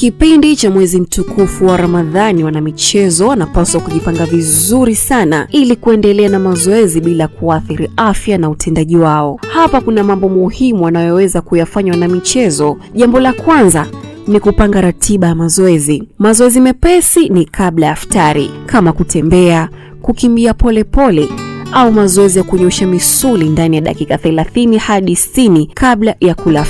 Kipindi cha mwezi mtukufu wa Ramadhani, wanamichezo wanapaswa kujipanga vizuri sana ili kuendelea na mazoezi bila kuathiri afya na utendaji wao. Hapa kuna mambo muhimu wanayoweza kuyafanya wanamichezo. Jambo la kwanza ni kupanga ratiba ya mazoezi. Mazoezi mepesi ni kabla ya iftari, kama kutembea, kukimbia polepole pole, au mazoezi ya kunyosha misuli ndani ya dakika 30 hadi 60 kabla ya kula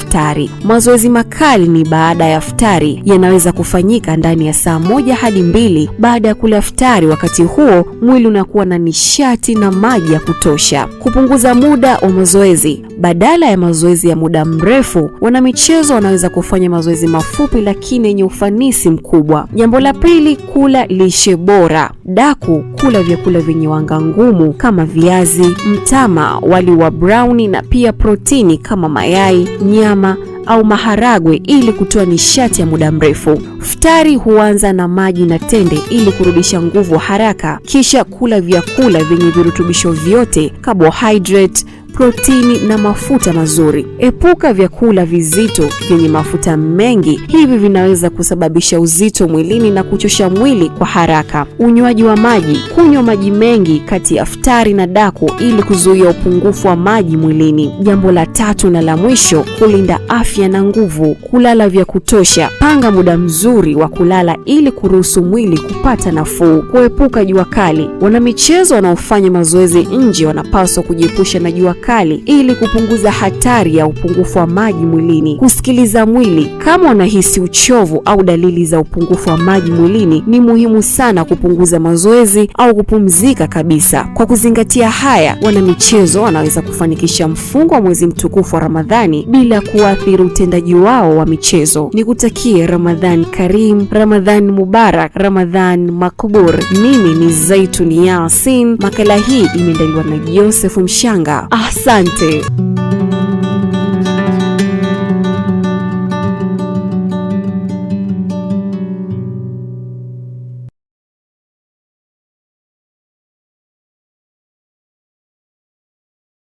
Mazoezi makali ni baada ya iftari, yanaweza kufanyika ndani ya saa moja hadi mbili baada ya kula futari. Wakati huo mwili unakuwa na nishati na maji ya kutosha. Kupunguza muda wa mazoezi, badala ya mazoezi ya muda mrefu, wanamichezo wanaweza kufanya mazoezi mafupi lakini yenye ufanisi mkubwa. Jambo la pili, kula lishe bora. Daku, kula vyakula vyenye wanga ngumu kama viazi, mtama, wali wa brauni na pia protini kama mayai, nyama au maharagwe ili kutoa nishati ya muda mrefu. Futari huanza na maji na tende ili kurudisha nguvu haraka, kisha kula vyakula vyenye virutubisho vyote, carbohydrate protini na mafuta mazuri. Epuka vyakula vizito vyenye mafuta mengi, hivi vinaweza kusababisha uzito mwilini na kuchosha mwili kwa haraka. Unywaji wa maji, kunywa maji mengi kati ya iftari na daku ili kuzuia upungufu wa maji mwilini. Jambo la tatu na la mwisho, kulinda afya na nguvu, kulala vya kutosha. Panga muda mzuri wa kulala ili kuruhusu mwili kupata nafuu. Kuepuka jua kali, wanamichezo wanaofanya mazoezi nje wanapaswa kujiepusha na jua kali kali ili kupunguza hatari ya upungufu wa maji mwilini. Kusikiliza mwili. Kama unahisi uchovu au dalili za upungufu wa maji mwilini, ni muhimu sana kupunguza mazoezi au kupumzika kabisa. Kwa kuzingatia haya, wanamichezo wanaweza kufanikisha mfungo wa mwezi mtukufu wa Ramadhani bila kuathiri utendaji wao wa michezo. Nikutakie Ramadhan Karim, Ramadhan Mubarak, Ramadhan makbur Mimi ni Zaituni Yasin. Makala hii imeandaliwa na Joseph Mshanga. Ah, Asante.